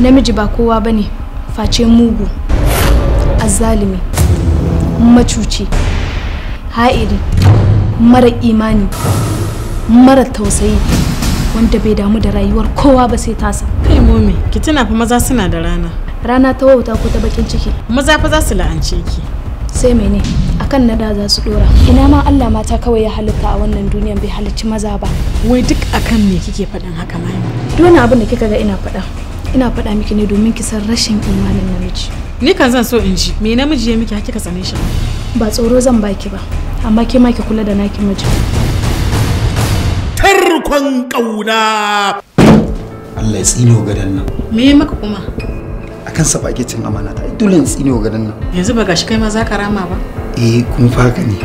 namiji ba kowa bane face mugu azalimi macuci ha'iri mara imani mara tausayi wanda bai damu da rayuwar kowa ba sai tasa kai momi ki tuna fa maza suna da rana rana ta wauta ko ta bakin ciki maza fa za su la'ance ki sai mene akan da za su dora ina ma Allah mata kawai ya halitta a wannan duniyan bai halicci maza ba wai duk akan me kike faɗin haka mai dole abin da kika ga ina faɗa ina faɗa miki ne domin ki san rashin imanin namiji ni kan zan so in ji me namiji ya miki har kika tsane shi ba tsoro zan baki ba amma ke ma ki kula da naki miji tarkon kauna Allah ya tsino gadan nan me maka kuma akan sa bakitin amana ta dole in tsino gadan nan yanzu ba gashi kai ma za ka rama ba eh kun faka ne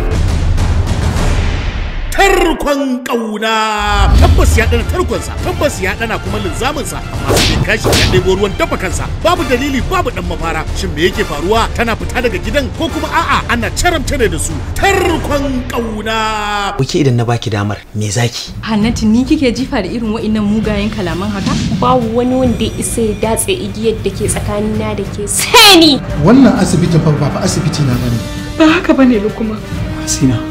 tarkon kauna tabbas ya ɗana tarkonsa tabbas ya ɗana kuma linzaminsa masu bin kashi ya ɗebo ruwan dafa kansa babu dalili babu ɗan mafara shin me yake faruwa tana fita daga gidan ko kuma a'a ana charamta ne da su tarkon ƙauna. Wuke idan na baki damar me zaki? Hannatu ni kike jifa da irin wa'innan mugayen kalaman haka? Babu wani wanda ya isa ya datse igiyar da ke tsakanina da ke sani. Wannan asibitin fa ba asibiti na bane. Ba haka bane lokuma Hasina.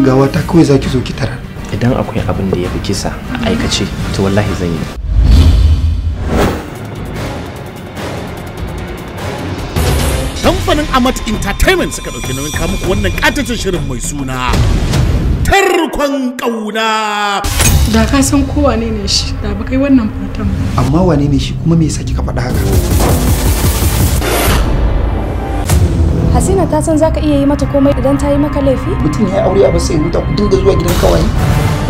ga wata kawai za ki zo ki tara. idan akwai abin da ya fi kisa a aikace to wallahi zan yi kamfanin amat entertainment suka ɗauki nauyin kamu wannan katacin shirin mai suna tarkon ƙauna da ka san kowa ne ne shi da ba kai wannan fatan ba amma wane ne shi kuma me yasa kika faɗa haka asina ta san zaka iya yi mata komai idan ta yi maka laifi mutum ya aure a ba sai huta ku dinga zuwa gidan kawai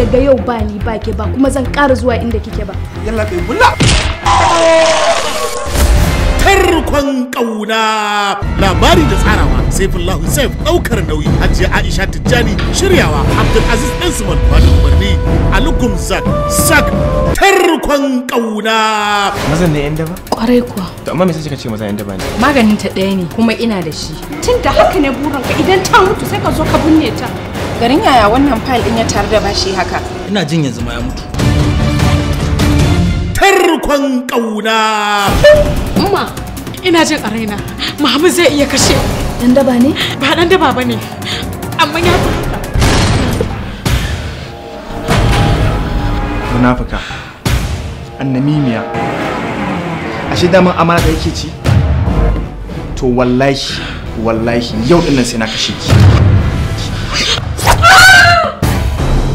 daga yau ba ni ba ke ba kuma zan ƙara zuwa inda kike ba yalla kai bulla tarkon kauna labari da tsarawa saifullah hussein daukar nauyi hajiya aisha tijjani shiryawa abdulaziz aziz suman ba da umarni alukum zak zak tarkon kauna mazan ne yan daba kwarai kuwa to amma me sai kika ce maza yan daba ne maganin ta ɗaya ne kuma ina da shi tun da haka ne burin ka idan ta mutu sai ka zo ka binne ta garin yaya wannan fayil din ya tare da bashi haka ina jin yanzu ma ya mutu farkon ƙauna. Umma, ina jin a raina, Muhammad zai iya kashe. Dan daba ne? Ba dan daba ba ne, amma ya fi haka. Munafuka, annamimiya, ashe daman amana da yake ci? To wallahi, wallahi yau nan sai na kashe ki.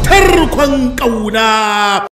tarkon ƙauna.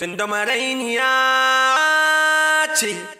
tunda marainiya ce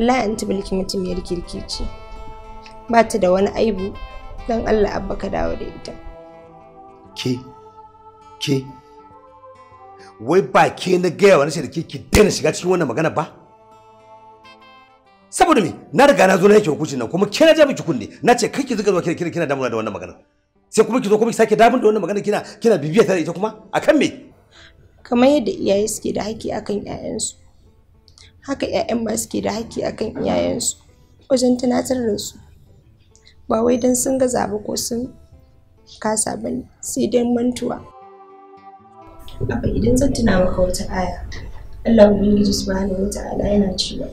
wallahi an bilki mutumiyar kirki ce ba ta da wani aibu don allah abba ka dawo da ita ke ke wai ba ke na gaya wani shi da ke dena daina shiga cikin wannan magana ba saboda me na riga na zo na yake hukuncin nan kuma ke na ja miki kunne na ce kai ki zuga zuwa kina kina damuna da wannan magana sai kuma ki zo kuma ki sake damun da wannan magana kina kina bibiya ta ita kuma akan me kamar yadda iyaye suke da haƙƙi akan ƴaƴansu haka 'ya'yan masu ke da haƙƙi akan iyayensu wajen tunatar da su ba wai don sun gaza ba ko sun kasa ba ne sai dai mantuwa Abba idan zan tuna maka wata aya Allah Ubangiji subhanahu wata'ala yana cewa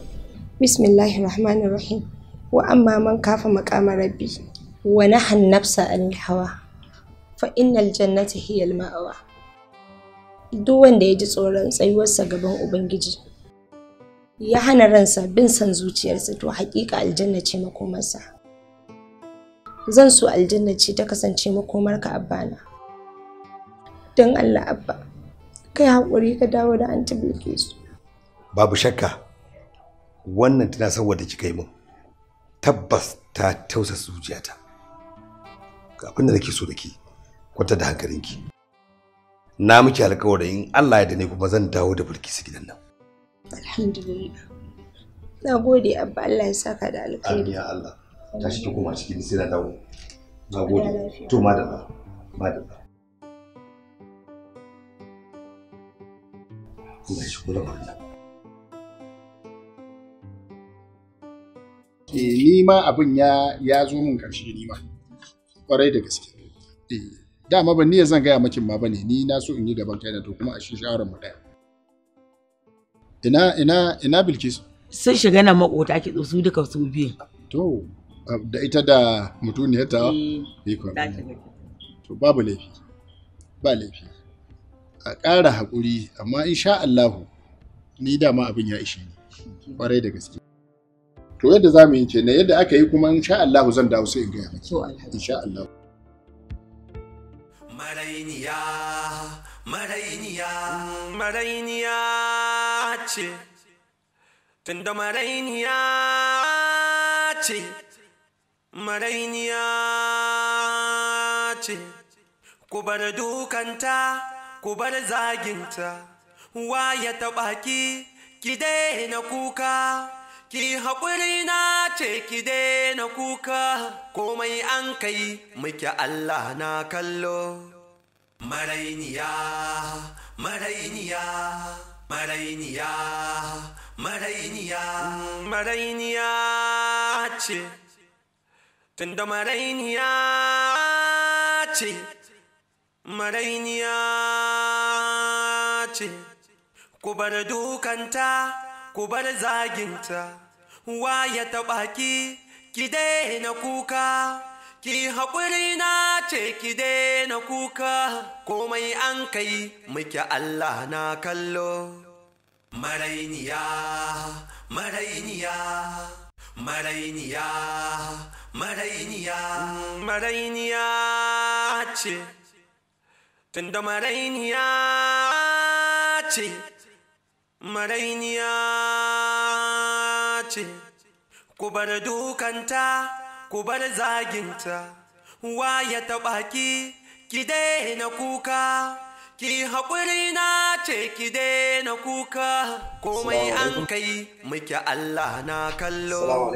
Bismillahir Rahmanir Rahim wa amma man kafa maqama rabbi wa nahan nafsa anil hawa fa innal jannata hiya al ma'awa duk wanda ya ji tsoron tsayuwarsa gaban Ubangiji ya hana ransa bin san zuciyarsa to haƙiƙa aljanna ce makomarsa zan so aljanna ce ta kasance makomarka abbana don allah abba kai haƙuri ka dawo da anti su babu shakka wannan tana saboda kika yi min tabbas ta tausa zuciyata ga abin da nake so da ki kwata da hankalinki na miki alƙawarin allah ya da ne kuma zan dawo da bilkisu gidan nan Alhamdulillah. Na gode abba Allah ya saka da alkhairi. Amin ya Allah. Tashi ki koma cikin sai na dawo. Na gode. To madalla. Madalla. Allah ya shukura ba. Eh ni ma abin ya ya zo min karshe ni ma. Kwarai da gaske. Eh dama ban niyya zan gaya makin ma bane ni na so in yi gaban kaina to kuma a shi shawaran mu daya. ina ina ina bilkisu sun shiga nan makota ake su duka su biyu to ah, da ita da mutuniyar ta eh, ikon to babu laifi ba laifi a ƙara haƙuri amma insha Allahu ni dama abin ya ishe ni ƙwarai da gaske to yadda za mu yi na yadda aka yi kuma insha Allahu zan dawo sai in gaya maki insha Allahu marainiya marainiya marainiya ce tunda marainiya ce marainiya ce ku bar dukanta ku bar zaginta ya taɓa ki ki daina kuka ki haƙuri na ce ki daina kuka komai an kai muke allah na kallo marainiya marainiya marainiya marainiya marainiya ce tunda marainiya ce marainiya ce ku bar dukanta ku bar zaginta waya ta taɓa ki daina kuka Ki haƙuri na ce ki daina kuka komai an kai muke Allah na kallo. Marainiya, marainiya, marainiya, marainiya. Marainiya ce, tunda marainiya ce, marainiya ce, ku bar dukanta. ku bar zaginta waya ta baki ki daina kuka ki haƙuri na ce ki daina kuka komai an kai muke Allah na kallo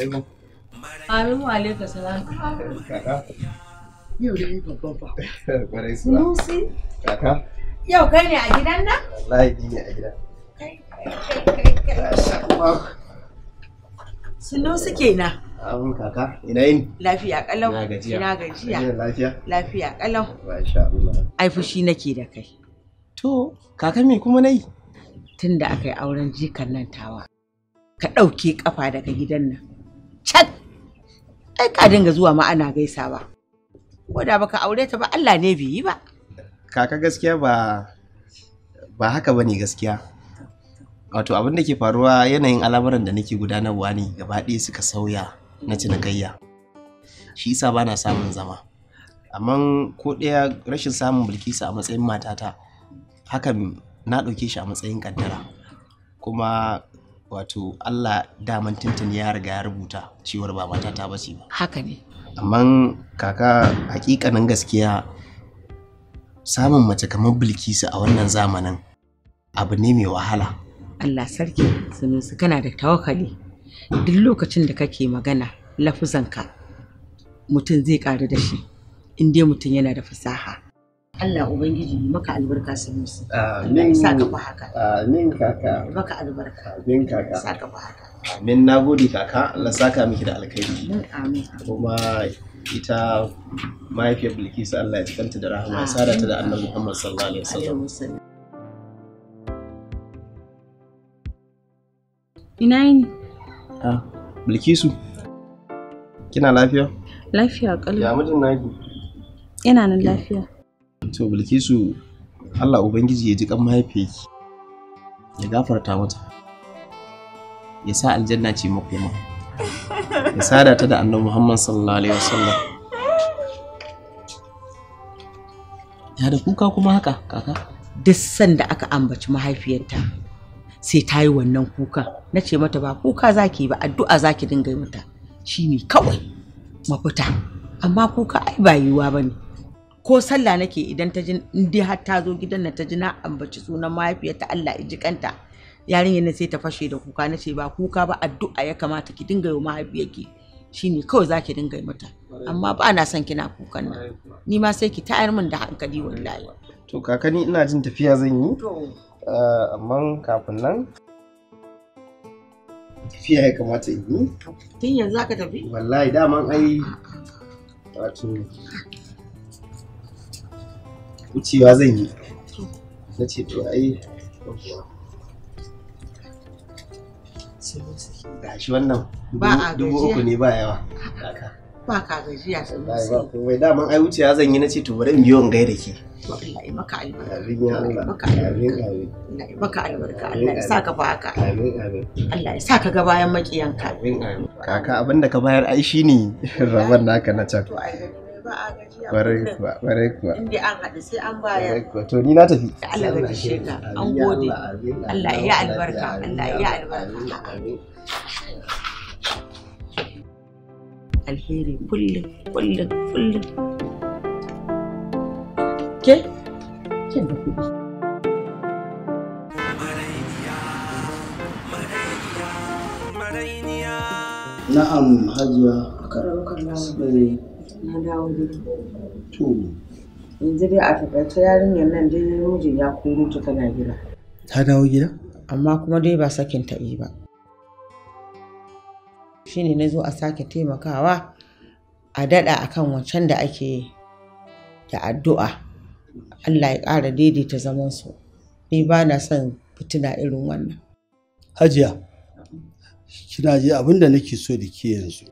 Amin wa alaikar alaikum. Yau dai yi Kaka. Yau kai ne a gidan nan? Wallahi ni ne a gidan. Kai kai kai kai. Sunusi kenan. Abin kaka, ina yin? Lafiya kalau. Ina gajiya. Lafiya. Lafiya kalau. Masha Ai fushi nake da kai. To, kaka me kuma nayi? Tunda da aka yi auren jikan nan tawa. Ka ɗauke kafa daga gidan nan. Cak! Ai ka dinga zuwa ma ana gaisawa. Ko da baka aure ta ba Allah ne bi yi ba. Kaka gaskiya ba ba haka bane gaskiya. Wato abin da ke faruwa yanayin al'amuran da nake gudanarwa ne gaba ɗaya suka sauya. na cinikayya shi isa ba na samun zama amma ko ɗaya rashin samun bilkisa a matsayin matata hakan na ɗauke shi a matsayin kaddara kuma wato allah daman tuntun ya riga ya rubuta cewar ba matata ba ce haka ne amma kaka hakikanin gaskiya samun mace kamar bilkisa a wannan zamanin abu ne mai wahala allah sarki sunusu kana da tawakali duk lokacin da kake magana lafuzanka mutum zai karu da shi inda mutum yana da fasaha Allah Ubangiji maka albarka Sanusi. Amin. Sa ka haka. Amin kaka. Maka albarka. Amin kaka. Sa ka haka. Amin na gode kaka Allah saka miki da alkhairi. Amin. Kuma ita mahaifiyar Bilkisu Allah ya cikanta da rahama ya sada ta da Annabi Muhammad sallallahu alaihi wasallam. Ina yini? Ah, Bilkisu. Kina lafiya? Lafiya ƙalau. Ya mijin naki? Ina nan lafiya. To Bilkisu, Allah Ubangiji ya ji kan mahaifiyarki. Ya gafarta mata. Ya sa aljanna ce makoma. Ya sada ta da Annabi Muhammad sallallahu alaihi wasallam. Ya da kuka kuma haka, kaka? Duk sanda aka ambaci mahaifiyarta. sai ta yi wannan kuka na ce mata ba kuka zaki ba addu'a zaki dinga mata shi ne kawai mafita amma kuka ai ba yiwuwa ba ne ko sallah nake idan ta ji indai har ta zo gidan na ta ji na ambaci sunan mahaifiyarta Allah ya ji kanta yarinyar nan sai ta fashe da kuka na ce ba kuka ba addu'a ya kamata ki dinga yi wa mahaifiyarki shi ne kawai zaki dinga yi mata amma ba na son kina kukan nan ni ma sai ki tayar min da hankali wallahi to kakani ina jin tafiya zan yi Eh, amman kafin nan tafiya ya kamata yi tun yanzu aka tafi wallahi daman ai wato wucewa zan yi na ce to ai ga shi wannan dubu uku ne ba yawa ba ka gajiya sosai ba komai daman ai wucewa zan yi na ce to bari in biyo in gaida ke Allah ya maka albarka Allah ya maka albarka Allah ya maka albarka Allah ya saka ba haka Allah ya saka ga bayan makiyanka kaka abinda ka bayar ai shine rabon naka na can Kwarai kuwa, kwarai kuwa. Inda an haɗu sai an bayar. To ni na tafi. Allah ya ji ka, an gode. Allah ya albarka, Allah ya albarka. Alheri kullum, kullum, kullum. ke kin da kuɗi na'am hajiya na dawo yanzu dai a takaice yarinyar nan dai mijin ya koro ta tana gida ta dawo gida amma kuma dai ba sakin ta ba shine na zo a sake taimakawa a daɗa kan wancan da ake da addu'a Allah ya ƙara daidaita zamansu ni ba na son fitina irin wannan hajiya kina ji abin da nake so da ke yanzu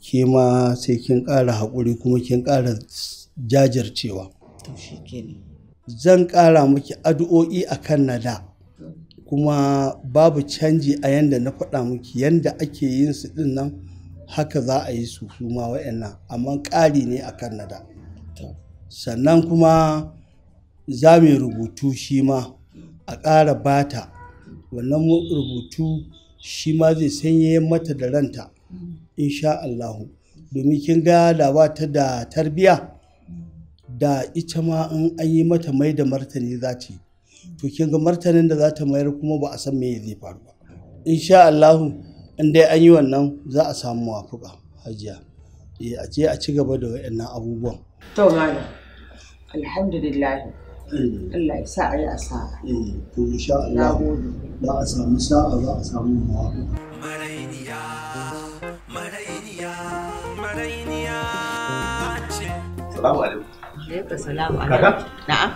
ke ma sai kin ƙara haƙuri kuma kin ƙara jajircewa zan ƙara miki addu'o'i a kan na da kuma babu canji a yanda na faɗa miki yanda ake yin su ɗin nan haka za a yi su kuma wa'annan amma ƙari ne a kan na da sannan kuma za mu rubutu shi ma a ƙara bata wannan rubutu shi ma zai sanye mata da ranta insha Allahu domin kin ga da ba ta da tarbiya da ita ma in an yi mata mai da martani za ta to kin ga martanin da za ta mayar kuma ba a san me zai faru ba insha Allahu in dai an yi wannan za a samu wafuka hajiya eh, a ce a ci gaba da waɗannan abubuwan To mana, alhamdulillah. Eh. Allah ya sa a yi asara. Eh, to insha Allah za a samu sa'a za a samu mawaƙi. Marainiya, marainiya, marainiya ce. Salamu alaikum. Alaikum salamu alaikum. Kaka? Na'am.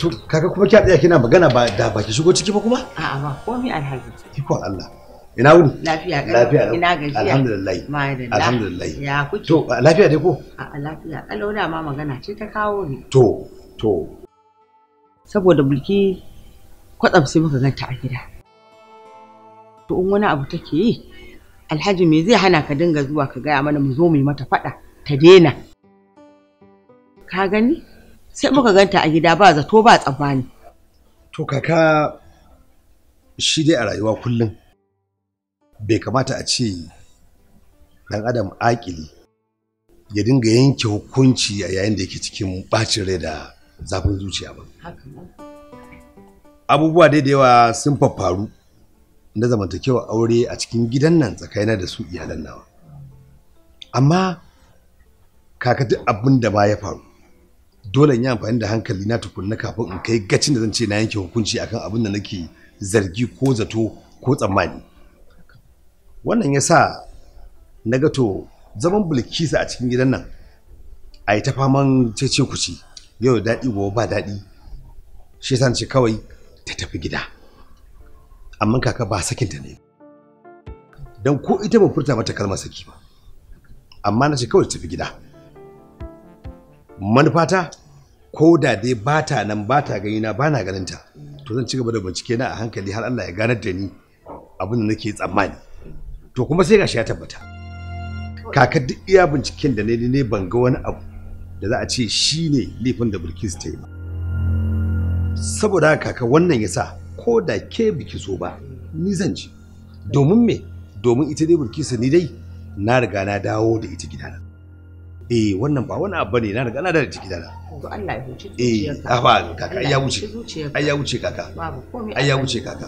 To kaka kuma kya tsaya kina magana ba da baki shigo ciki ba kuma? A'a ba komai alhaji. Ikon Allah. ina wuni lafiya kalau ina gajiya alhamdulillah alhamdulillah ya kuke to lafiya dai ko a lafiya kalau da ma magana ce ta kawo ni to to saboda bulki kwatsam sai muka ganta a gida to in wani abu take yi alhaji me zai hana ka dinga zuwa ka gaya mana mu zo mu yi mata faɗa ta daina ka gani sai muka ganta a gida ba zato ba tsammani to kaka shi dai a rayuwa kullum bai kamata a ce ɗan adam akili ya dinga yanke hukunci a yayin da yake cikin ɓacin rai da zafin zuciya ba abubuwa dai da yawa sun faffaru na zamantakewa aure a cikin gidan nan tsakaina da su iyalan nawa amma kaka duk abin da ba ya faru dole in yi amfani da hankali na tukunna kafin in kai gacin da zan ce na yanke hukunci akan abin da nake zargi ko zato ko tsammani wannan ya sa na ga to zaman bilkisa a cikin gidan nan a yi ta faman cece ci yau daɗi gobe ba daɗi shi san ce kawai ta tafi gida amma kaka ba sakinta ne don ko ita ba furta mata kalmar saki ba amma na ce kawai tafi gida manufata ko da dai ba ta nan ba ta gani na ba na ganin ta to zan ci gaba da bincike na a hankali har Allah ya ganar da ni abin da nake tsammani to kuma sai gashi ya tabbata kaka duk iya binciken da ne ne ban ga wani abu da za a ce shi ne laifin da bilkis ta yi ba saboda kaka wannan yasa ko da ke biki so ba ni zan ji domin me domin ita dai bilkisu ni dai na riga na dawo da ita gidana eh wannan ba wani abu ne na riga na da ciki na to Allah ya huce eh, zuciyarka eh afa kaka ya huce ai ya huce kaka babu komai ai ya huce kaka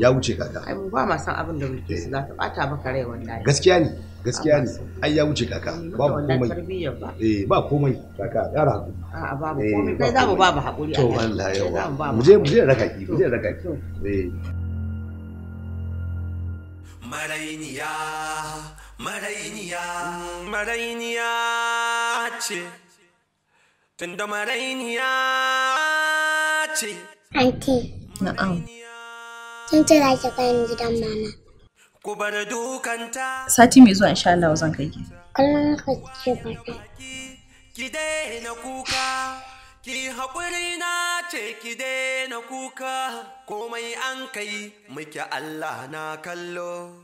ya huce kaka ai mu ba ma san abin da muke su eh. za ta bata maka rai wallahi gaskiya ne gaskiya ne ai ya huce kaka babu komai eh ba komai kaka ya rahu a babu eh, komai kai za mu ba mu hakuri to wallahi yawa mu je mu je raka ki mu je raka ki eh marainiya marainiya marainiya ce tunda marainiya ce anti na'am kin ce za ki bani gidan mama ku bar dukanta sati mai zuwa insha Allah zan kai ki kullum ku ce bata ki daina kuka Ki haƙuri na ce ki daina kuka komai an kai muke Allah na kallo.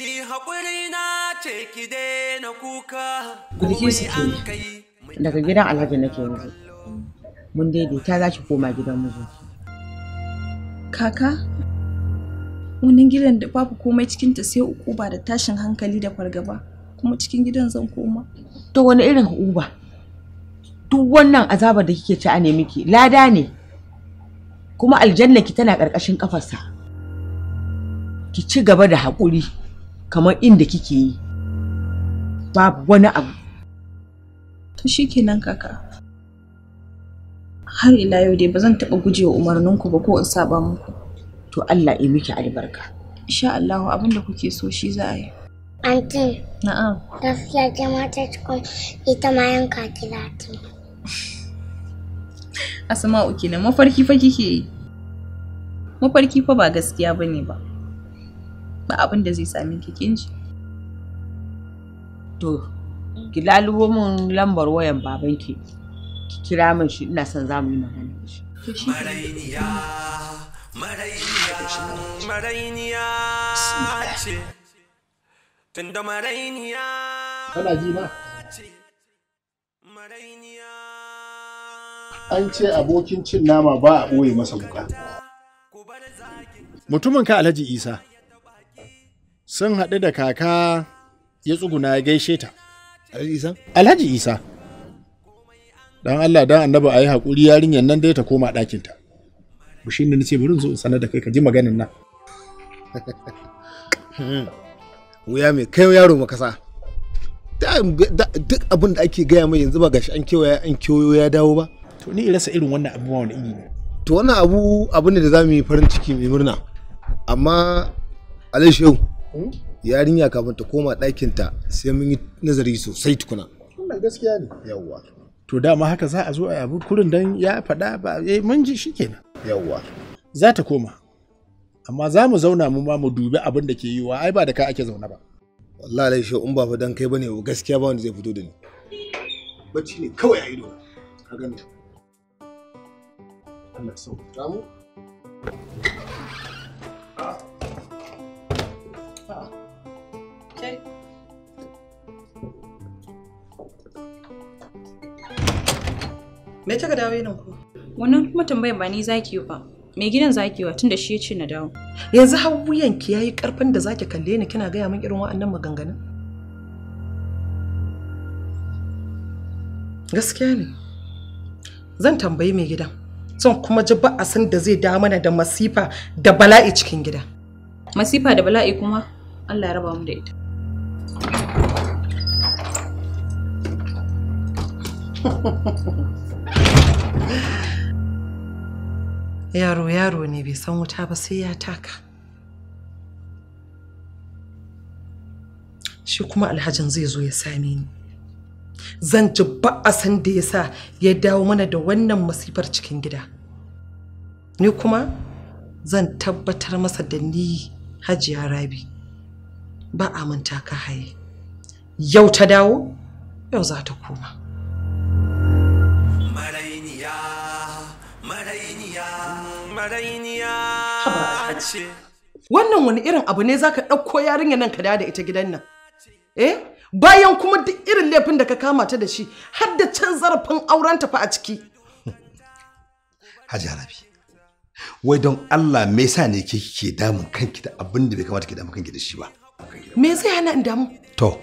Ki haƙuri na ce ki na kuka. ke daga gidan Alhaji nake yanzu. Mun daidaita za ki koma gidan mijin. Kaka, wani gidan da babu komai cikinta sai ukuba da tashin hankali da fargaba. Kuma cikin gidan zan koma. To wani irin uba? Duk wannan azabar da kike ci a ne miki lada ne. Kuma aljanna ki tana ƙarƙashin ƙafarsa. Ki ci gaba da haƙuri. kamar inda kike yi babu wani abu to shikenan kaka har ila yau dai ba zan taɓa gujewa umarninku ba ko in saba muku to Allah ya miki albarka insha Allah abin da kuke so shi za a yi Anti. Na'am. Gaskiya jama'a ta cikin ita ma yanka kila ta. Asma'u kenan mafarki fa kike yi. Mafarki fa ba gaskiya bane ba. ba abin da zai sami ki kin ji to ki lalubo min lambar wayan babanki ki kira min shi ina son za mu yi magana da shi marainiya marainiya marainiya ce da marainiya kana ji na marainiya an ce abokin cin nama ba a ɓoye masa buka mutumin ka alhaji isa sun haɗu da kaka ya tsuguna ya gaishe ta. Alhaji Isa. Dan Allah dan annaba a yi haƙuri yarinyar nan dai ta koma ɗakinta. Bushi ne nace bari zo in sanar da kai ka ji maganin nan. Wuya mai kai yaro makasa. Duk abin da ake gaya mai yanzu ba gashi an kewaya an kewayo ya dawo ba. To ni rasa irin wannan abu wani iri ne. To wannan abu abu ne da za mu yi farin ciki mai murna. Amma yau? yarinya kafin ta koma ta sai mun yi nazari sosai tukuna wannan gaskiya ne yawwa to dama haka za a zo a abu kurin dan ya faɗa ba eh mun ji shikenan yawwa za ta koma amma za mu zauna mu ma mu dubi abin da ke yi wa ai ba da ka ake zauna ba wallahi lai in ba fa dan kai bane gaskiya ba wanda zai fito da ni bacci ne kawai a ido ka gani Allah ya Ta mu Me ta dawo nan ku? Wannan kuma tambayar ba ni zaki yi ba. Me gidan zaki wa tunda shi ya ce na dawo. Yanzu har ki yayi karfin da zaki kalle ni kina gaya mun irin wa'annan maganganun. Gaskiya ne. Zan tambayi mai gidan. Zan kuma ji ba'asin da zai da mana da masifa da bala'i cikin gida. Masifa da bala'i kuma Allah ya raba mu da ita. yaro yaro ne bai san wuta ba sai ya taka shi kuma alhajin zai zo ya same ni zan ji san da ya sa ya dawo mana da wannan masifar cikin gida ni kuma zan tabbatar masa da ni hajiya rabi ba a manta ka haye yau ta dawo yau za ta koma Wannan wani irin abu ne za ka ɗauko yarinya nan ka da ita gidan nan. Eh? Bayan kuma duk irin laifin da ka kama ta da shi har da can zarafin auren ta fa a ciki. Hajiya Rabi. Wai don Allah me yasa ne ke ke damun kanki da abin da bai kamata ke damun kanki da shi ba? Me zai hana in damu? To.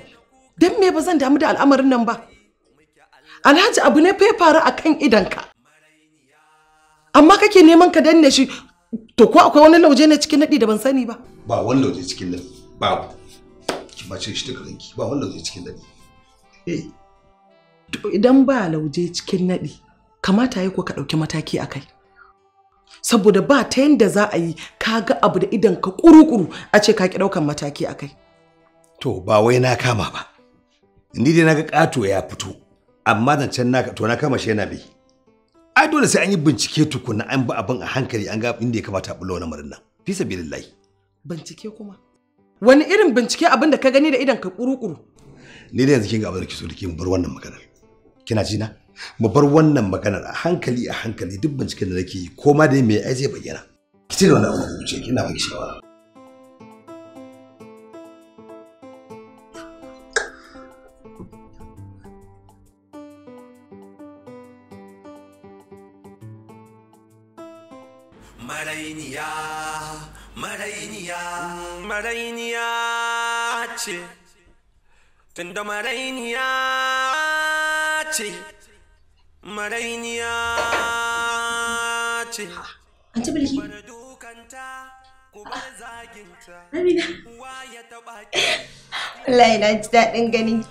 Dan me ba zan damu da al'amarin nan ba? Alhaji abu ne fai ya a kan idanka. amma kake neman ka danne shi to ko akwai wani lauje ne cikin nadi da ban sani ba ba wani lauje cikin nadi ba ki bace shi daga ranki ba wani lauje cikin nadi eh to idan ba lauje cikin nadi kamata yi ko ka dauki mataki akai saboda ba ta yanda za a yi ka ga abu da idan ka kurukuru a ce ka ki daukan mataki akai to ba wai na kama ba ni dai naga kato ya fito amma zancen na to na kama shi yana bi ai dole sai an yi bincike tukuna an bi abin a hankali an ga inda ya kamata a bulo lamarin nan fi sabilillahi bincike kuma wani irin bincike abin da ka gani da idan ka kurukuru ni da yanzu kin ga abin da da kin bar wannan maganar kina ji na mu bar wannan maganar a hankali a hankali duk binciken da nake yi ko ma dai me ai zai bayyana kici da wannan abu kina ba ki shawara tunda marainiya ce marainiya ce ci bilki ah. na ji daɗin ganin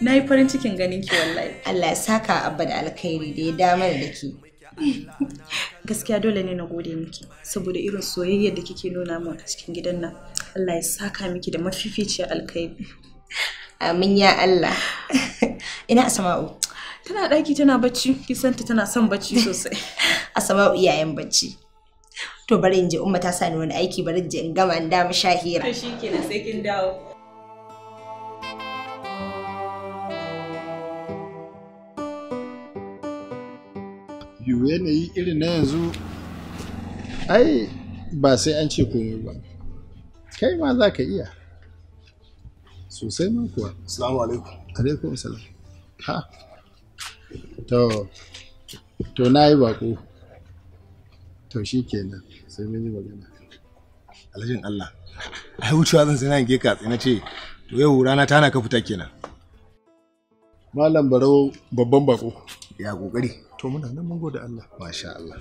na yi farin cikin ganin ki wallahi. Allah ya saka abba da alkhairi da ya damar da ke. Gaskiya dole ne na gode miki saboda irin soyayyar da kike nuna min a cikin gidan nan. Allah ya saka miki da mafificiyar alkhairi. Amin ya Allah. Ina Asama'u. Tana ɗaki tana bacci, kisanta tana son bacci sosai. Asama'u iyayen bacci. To bari in je umma ta sani wani aiki bari in je in gama in dama shahira. To shikenan sai kin dawo. Yiwu yanayi irin na yanzu ai ba sai an ce komai ba. Kai ma za ka iya. sosai ma kuwa assalamu alaikum alaikum assalam ha to to na yi bako to shi kenan sai mun yi magana alhajin allah ai wucewa zan sai na yanke ka na ce to yau rana ta na ka fita kenan malam barau babban bako ya kokari to muna nan mun gode allah masha allah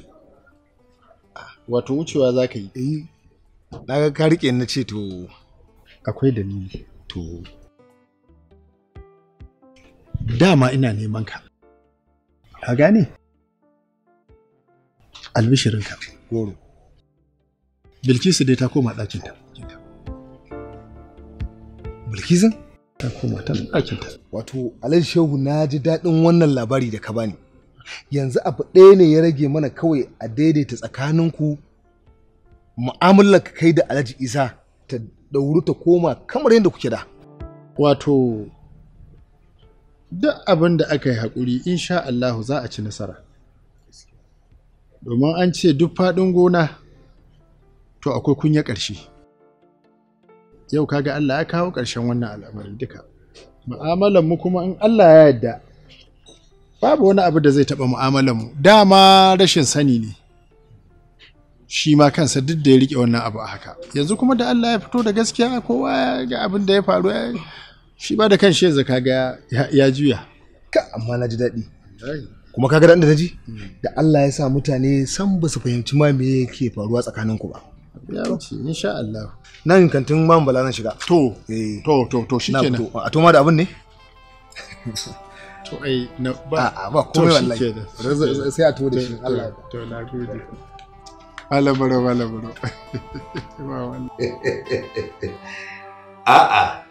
wato wucewa za ka yi eh. na ga ka rike na ce to akwai dalili to dama ina neman ka ka gane albishirinka goro bilkisu dai ta koma ɗakinta bilkisu ta koma ta ɗakinta wato alal shehu na ji daɗin wannan labari da ka bani yanzu abu ɗaya ne ya rage mana kawai a daidaita tsakaninku mu'amalar ka kai da alhaji isa ta da wuri ta koma kamar yadda kuke da wato duk abin da aka yi haƙuri insha Allahu za a ci nasara domin an ce duk faɗin gona to akwai kunya ƙarshe yau kaga Allah ya kawo ƙarshen wannan al'amari duka mu'amalan mu kuma in Allah ya yarda babu wani abu da zai taɓa mu'amalan mu dama rashin sani ne shi ma kansa duk da ya rike wannan abu a haka yanzu kuma da Allah ya fito da gaskiya kowa ya ga abin da ya faru shi ba da kan shi zaka ga ya juya ka amma na ji daɗi kuma kaga daɗin da ta ji da Allah ya sa mutane san ba su fahimci ma me yake faruwa tsakanin ku ba insha Allah nan kantin ma bala na shiga eh. to to to to shikenan a to ma da abin ne to ai na ba ba komai wallahi sai a to da shi Allah to na gode Wala baro, vale, baro. A'a,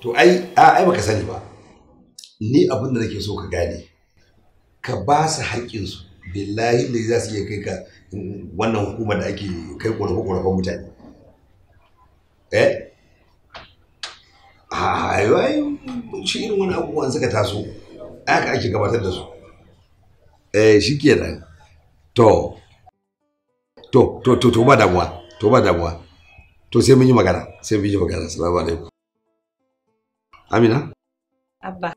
to ai, ai baka sani ba. Ni abin da nake so ka gane, ka ba su haƙƙinsu, billahi da za su iya kai ka wannan hukuma da ake kai ƙorafe-ƙorafen mutane. Eh? A shi irin wani abubuwan suka taso, aka ake gabatar da su. Eh, shi kenan. To, to to to to ba damuwa to ba damuwa to sai mun yi magana sai mun yi magana assalamu alaikum amina abba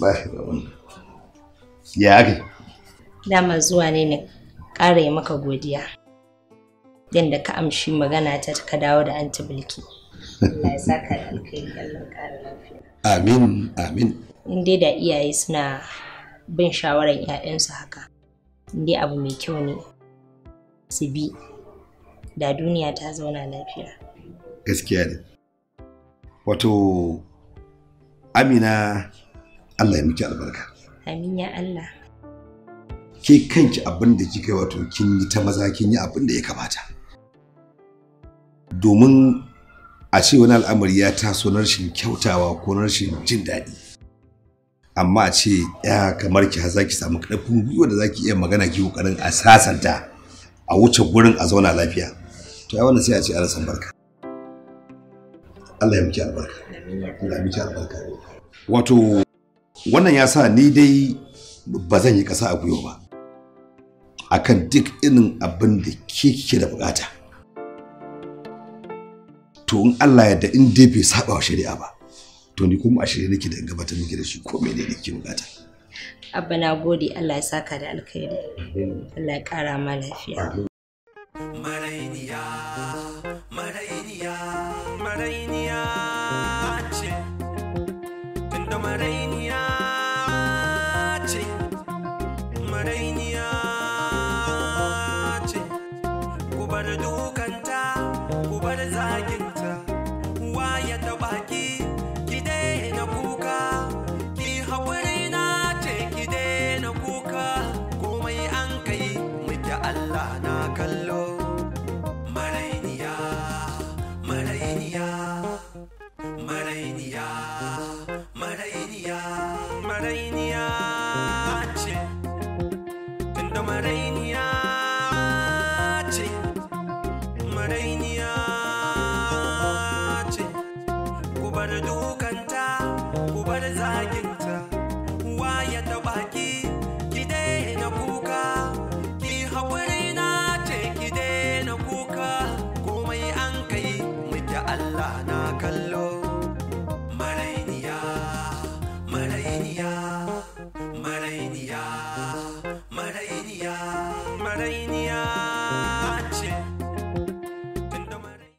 ba shi da wannan ya ake dama zuwa ne ne ƙara yi maka godiya yadda ka amshi magana ta ka dawo da anti bilki Allah ya saka k'a alkhairi Allah ƙara lafiya amin amin in da iyaye suna bin shawaran 'ya'yansu haka in abu mai kyau ne su bi da duniya ta zauna lafiya gaskiya ne wato amina allah ya miki albarka amin ya allah ke kanki abin da kika wato kin yi ta maza kin yi abin da ya kamata domin a ce wani al'amari ya taso na rashin kyautawa ko na rashin jin daɗi amma a ce ya kamar ki za ki samu ƙarfin gwiwa da za ki iya magana ki ƙoƙarin a sasanta a wuce gurin a zauna lafiya to ya wannan sai a ce Allah barka Allah ya miki albarka Allah ya miki albarka wato wannan ya sa ni dai ba zan yi ƙasa a gwiwa ba a kan duk irin abin da ke kike da bukata to in Allah ya da in dai bai saba wa shari'a ba to ni kuma a shirye nake da gabatar miki da shi ko menene nake bukata abba na gode allah ya saka da alkhairi allah ya kara ma lafiya